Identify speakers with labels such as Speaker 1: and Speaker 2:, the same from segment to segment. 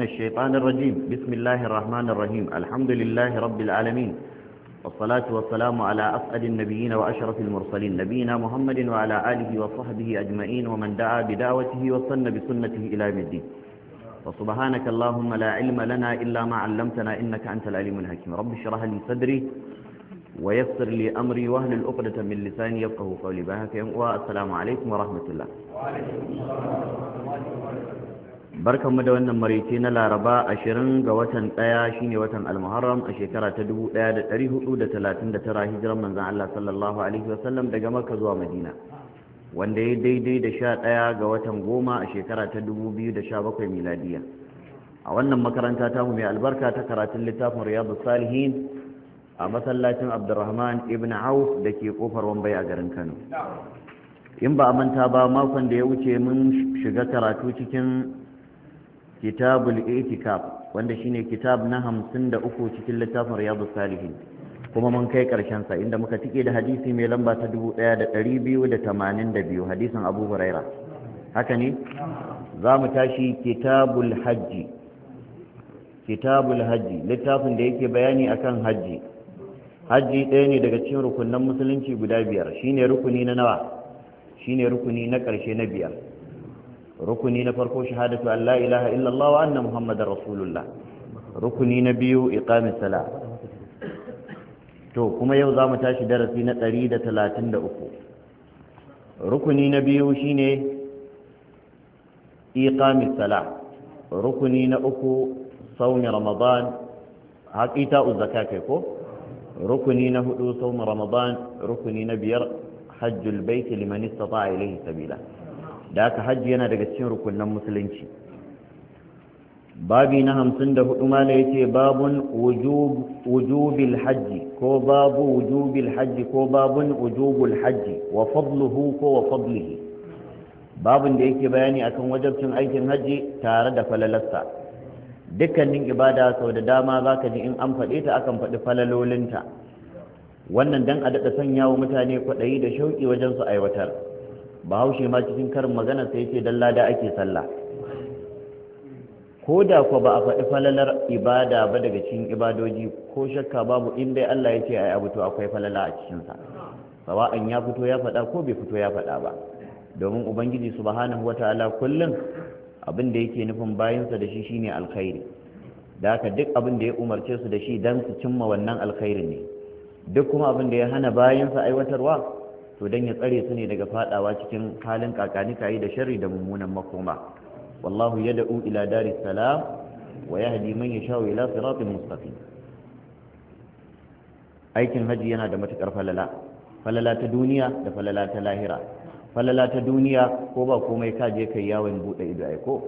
Speaker 1: من الشيطان الرجيم بسم الله الرحمن الرحيم الحمد لله رب العالمين والصلاة والسلام على أسعد النبيين وأشرف المرسلين نبينا محمد وعلى آله وصحبه أجمعين ومن دعا بدعوته وصن بسنته إلى الدين وسبحانك اللهم لا علم لنا إلا ما علمتنا إنك أنت العليم الحكيم رب اشرح لي صدري ويسر لي أمري وأهل الأقدة من لساني يفقه قولي بهك والسلام عليكم ورحمة الله وعليكم السلام ورحمة الله وبركاته mu da wannan maraice na laraba ashirin ga watan ɗaya shine watan almuharram a shekara ta dubu ɗaya da ɗari da talatin da tara hijiran manzan Allah sallallahu alaihi wasallam daga makka zuwa madina wanda ya daidai da sha ɗaya ga watan goma a shekara ta dubu biyu da sha bakwai miladiya a wannan makaranta ta mu mai albarka ta karatun littafin riyadu salihin a masallacin abdurrahman ibn auf da ke kofar wambai a garin kano in ba a manta ba makon da ya wuce mun shiga karatu cikin kitabul الاعتكاف wanda shine kitab na hamsin da cikin littafin riyadu salihin kuma mun kai karshen sa inda muka tike da hadisi mai lamba ta 1282 hadisin Abu Huraira haka ne zamu tashi kitabul hajj kitabul hajji littafin da yake bayani akan hajji hajji ɗaya ne daga cikin rukunin musulunci guda biyar shine rukuni na nawa shine rukuni na ƙarshe na biyar rukuni na farko shahadatu an la ilaha illallah wa anna muhammadar rasulullah rukuni na biyu iqamis sala to kuma yau za mu tashi darasi na 133 rukuni na biyu shine iqamis sala rukuni na uku sauni ramadan haƙita uzaka kai ko rukuni na hudu sauni ramadan rukuni na biyar hajjul baiti liman istata ilayhi sabila da aka hajji yana daga cikin rukunan musulunci babi na hamsin da hudu mala ya ce babun wujubil hajji ko babu wujubil hajji ko babun wujubul hajji wa fadluhu ko wa fadlihi babun da yake bayani akan wajabcin aikin hajji tare da falalarsa dukkanin ibada sau da dama za ka ji in an faɗe ta akan faɗi falalolinta wannan dan a daɗa sanya wa mutane kwaɗayi da shauƙi wajen su aiwatar bahaushe ma cikin karin magana sai ce dan lada ake sallah ko da kwa ba a faɗi falalar ibada ba daga cikin ibadoji ko shakka babu inda Allah ya ce ai abu to akwai falala a cikin sa an ya fito ya faɗa ko bai fito ya faɗa ba domin ubangiji subhanahu wataala kullum abin da yake nufin bayansa da shi shine alkhairi da haka duk abin da ya umarce su da shi dan su cimma wannan alkhairi ne duk kuma abin da ya hana bayansa aiwatarwa to dan ya tsare su ne daga fadawa cikin halin kakanikayi da sharri da mummunan makoma wallahu yad'u ila daris salam wa yahdi man yasha ila siratin mustaqim aikin haji yana da matukar falala falala ta duniya da falala ta lahira falala ta duniya ko ba komai ka je kai yawon bude ido ai ko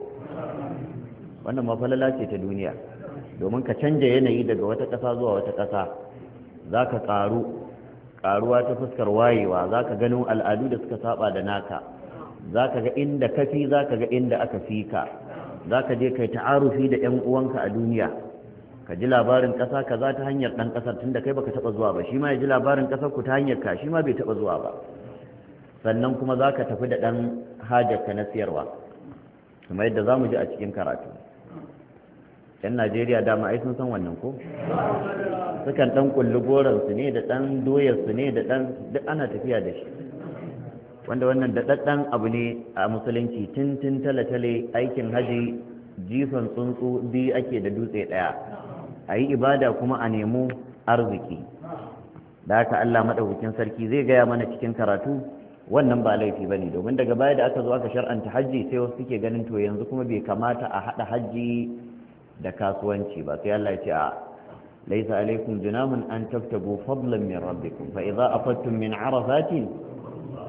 Speaker 1: wannan ma falala ce ta duniya domin ka canja yanayi daga wata kasa zuwa wata ƙasa za ka ƙaru karuwa ta fuskar wayewa za ka gano al'adu da suka saba da naka za ka ga inda ka fi za ka ga inda aka fi ka za ka je kai ta'arufi da 'yan uwanka a duniya ka ji labarin ƙasa kaza ta hanyar ɗan ƙasar tunda kai baka taɓa zuwa ba shi ma ya ji labarin ƙasar ku ta hanyar ka shi ma bai taɓa zuwa ba sannan kuma za ka tafi da ɗan hajarka na siyarwa kuma yadda za mu ji a cikin karatu yan najeriya dama ai sun san wannan ko sukan dan kulli goransu ne da dan doyarsu ne da dan duk ana tafiya da shi wanda wannan daɗaɗɗen abu ne a musulunci tun tale-tale aikin haji jifan tsuntsu biyu ake da dutse ɗaya a yi ibada kuma a nemo arziki da haka allah maɗaukakin sarki zai gaya mana cikin karatu wannan ba laifi ba ne domin daga baya da aka zo aka shar'anta hajji sai wasu suke ganin to yanzu kuma bai kamata a haɗa hajji da kasuwanci ba sai Allah ya ce a laisa alaikum junahun an taftabu fadlan min rabbikum fa idza afattum min arafatin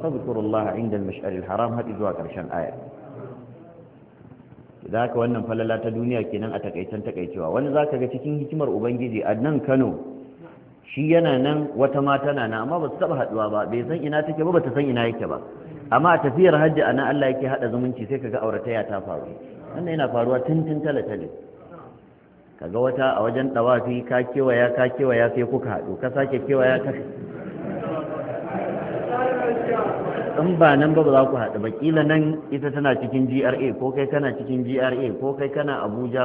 Speaker 1: fadhkurullaha inda al-mash'ar al-haram har zuwa karshen aya da wannan falala ta duniya kenan a takaicen takaicewa wani zaka ga cikin hikimar ubangiji a nan Kano shi yana nan wata mata tana nan amma ba su taba haduwa ba bai san ina take ba ba ta san ina yake ba amma a tafiyar hajji a nan Allah yake hada zumunci sai kaga aurataya ta faru wannan yana faruwa tun tun tale kaga wata a wajen ɗawafi ka kewaya ka kewaya sai kuka haɗu ka sake kewaya ka in ba nan ba ba za ku haɗu ba kila nan ita tana cikin GRA ko kai kana cikin GRA ko kai kana Abuja